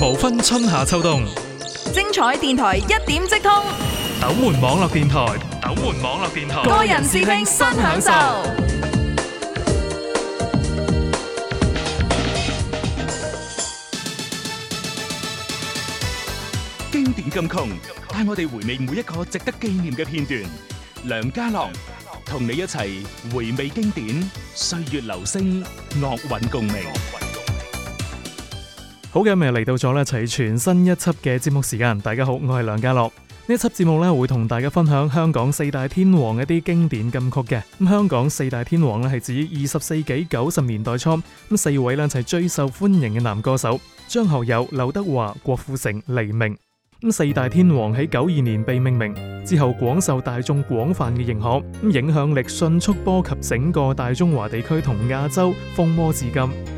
無分春夏秋冬，精彩電台一點即通。斗門網絡電台，斗門網絡電台，個人視聽，新享受。經典金曲，帶我哋回味每一個值得紀念嘅片段。梁家朗同你一齊回味經典，歲月留聲，樂韻共鳴。好嘅，今日嚟到咗一齊全新一輯嘅節目時間。大家好，我係梁家樂。呢一輯節目咧，會同大家分享香港四大天王一啲經典金曲嘅。咁香港四大天王咧，係指二十世紀九十年代初，咁四位咧就係最受歡迎嘅男歌手：張學友、劉德華、郭富城、黎明。咁四大天王喺九二年被命名之後，廣受大眾廣泛嘅認可，咁影響力迅速波及整個大中華地區同亞洲，風魔至今。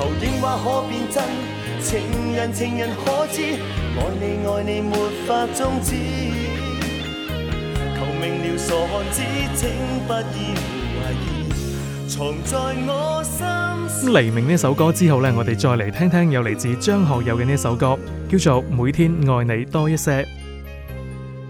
求應話可變真情人，情人可知愛你愛你，沒法終止。求明了傻漢子，請不要懷疑。藏在我心。咁黎明呢一首歌之後咧，我哋再嚟聽聽，有嚟自張學友嘅呢一首歌，叫做《每天愛你多一些》。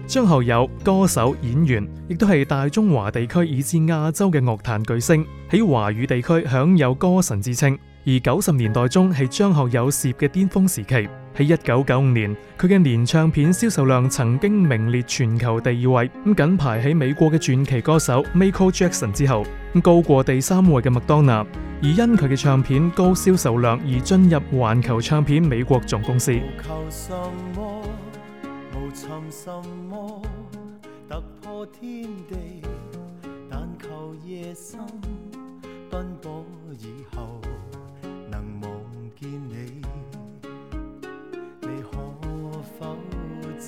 張學友，歌手、演員，亦都係大中華地區以至亞洲嘅樂壇巨星，喺華語地區享有歌神之稱。而九十年代中係張學友攝嘅巔峰時期，喺一九九五年，佢嘅年唱片銷售量曾經名列全球第二位，咁僅排喺美國嘅傳奇歌手 Michael Jackson 之後，高過第三位嘅麥當娜。而因佢嘅唱片高銷售量而進入環球唱片美國總公司。求什麼，無尋什麼，突破天地，但求夜深，奔波以後。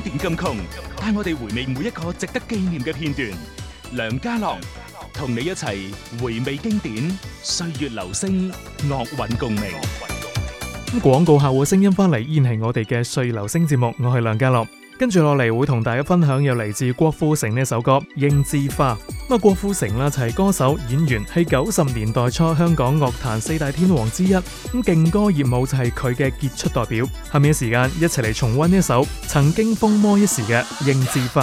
經典咁窮，帶我哋回味每一個值得紀念嘅片段。梁家樂，同你一齊回味經典，歲月留聲，樂韻共鳴。廣告後嘅聲音翻嚟，依然係我哋嘅歲月留聲節目。我係梁家樂，跟住落嚟會同大家分享，又嚟自郭富城呢首歌《英之花》。咁啊，郭富城啦，就係歌手、演員，係九十年代初香港樂壇四大天王之一。咁勁歌熱舞就係佢嘅傑出代表。下面嘅時間，一齊嚟，重溫一首曾經風魔一時嘅《應字花》。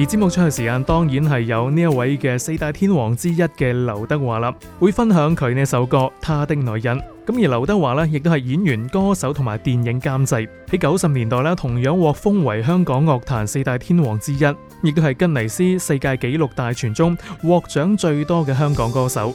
而節目出去時間當然係有呢一位嘅四大天王之一嘅劉德華啦，會分享佢呢首歌《他的女人》。咁而劉德華呢，亦都係演員、歌手同埋電影監製，喺九十年代呢，同樣獲封為香港樂壇四大天王之一，亦都係堅尼斯世界紀錄大全中獲獎最多嘅香港歌手。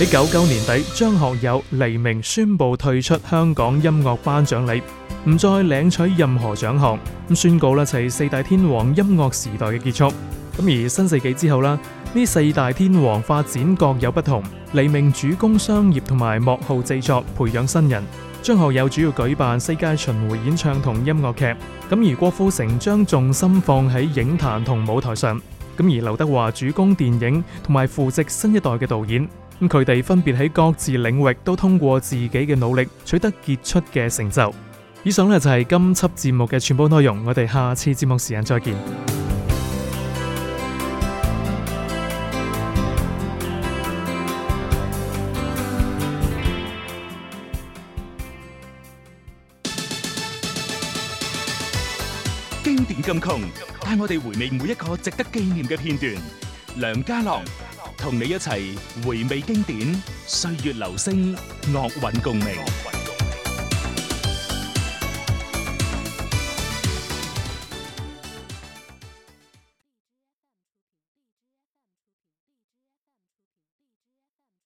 喺九九年底，張學友黎明宣布退出香港音樂頒獎禮，唔再領取任何獎項，咁宣告啦，就係四大天王音樂時代嘅結束。咁而新世紀之後啦，呢四大天王發展各有不同。黎明主攻商業同埋幕後製作，培養新人；張學友主要舉辦世界巡迴演唱同音樂劇；咁而郭富城將重心放喺影壇同舞台上；咁而劉德華主攻電影同埋扶植新一代嘅導演。咁佢哋分別喺各自領域都通過自己嘅努力取得傑出嘅成就。以上呢，就係今輯節目嘅全部內容，我哋下次節目時間再見。經典金曲，帶我哋回味每一個值得紀念嘅片段。梁家樂。同你一齊回味經典，歲月留聲，樂韻共鳴。